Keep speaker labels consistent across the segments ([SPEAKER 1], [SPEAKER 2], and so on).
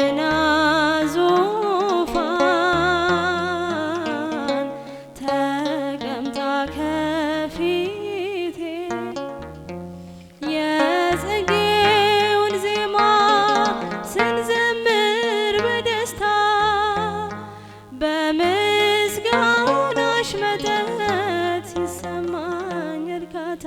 [SPEAKER 1] በደመና ተቀምጣ ከፊቴ የጽጌውን ዜማ ስንዘምር በደስታ በምስጋናሽ መጠት ሲሰማኝ እርካታ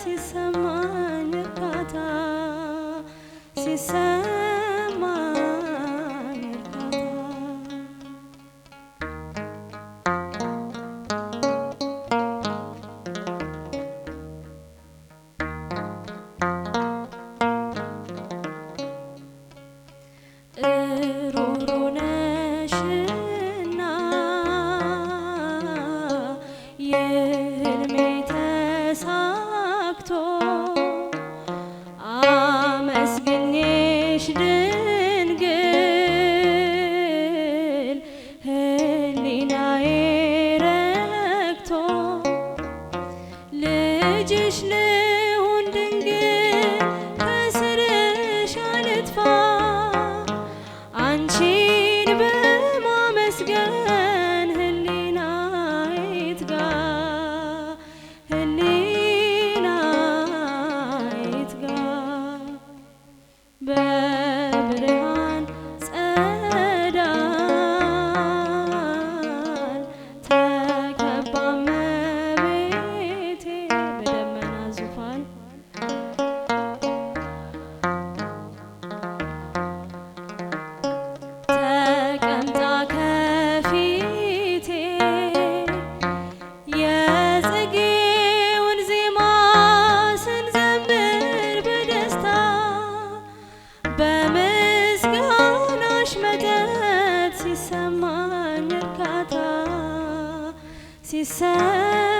[SPEAKER 1] si zamana kadar si He said.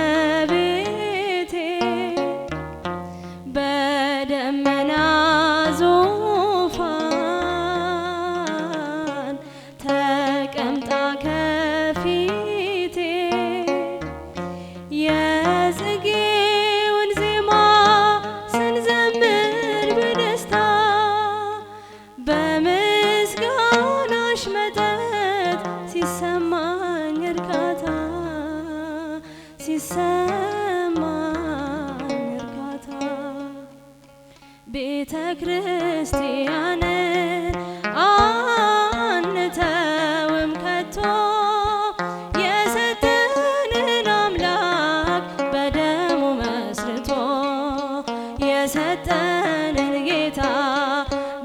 [SPEAKER 1] ሰጠንን ጌታ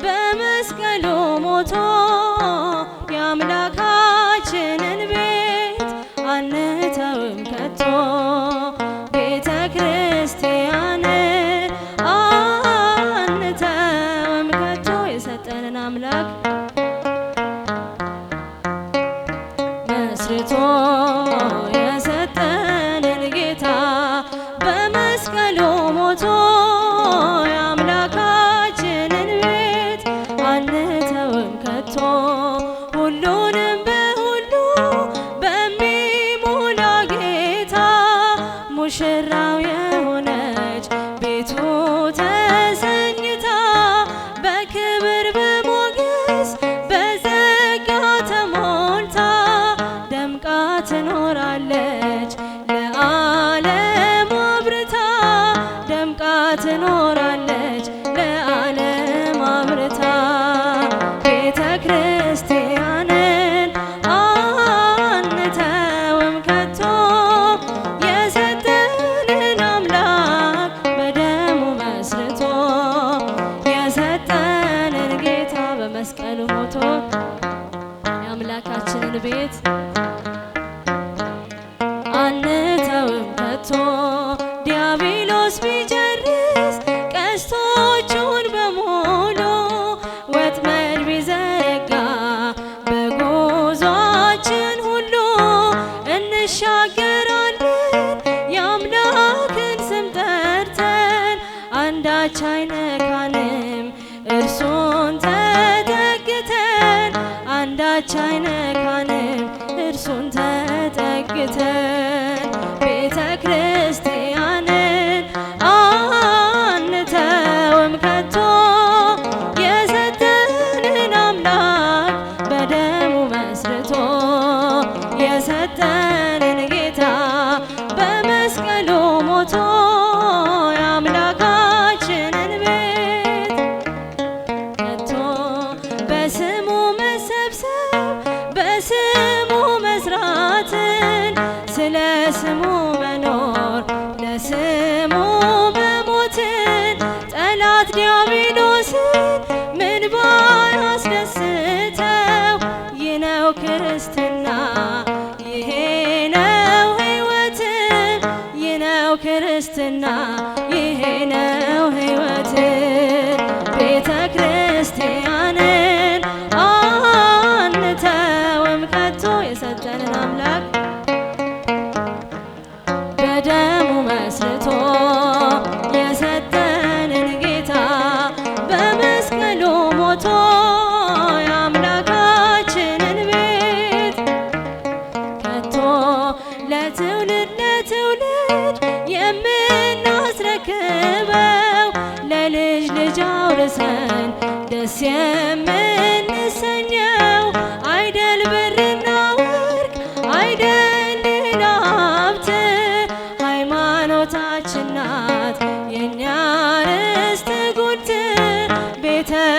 [SPEAKER 1] በመስቀሉ ሞቶ የአምላካችንን ቤት አንተውም ከቶ ቤተ ክርስቲያን አንተውም ከቶ የሰጠንን አምላክ መስርቶ ደስ የምንሰኘው አይደል ብርና ወርቅ አይደል ሀብት ሃይማኖታችን ናት የእኛ ርስት ጉልት ቤተ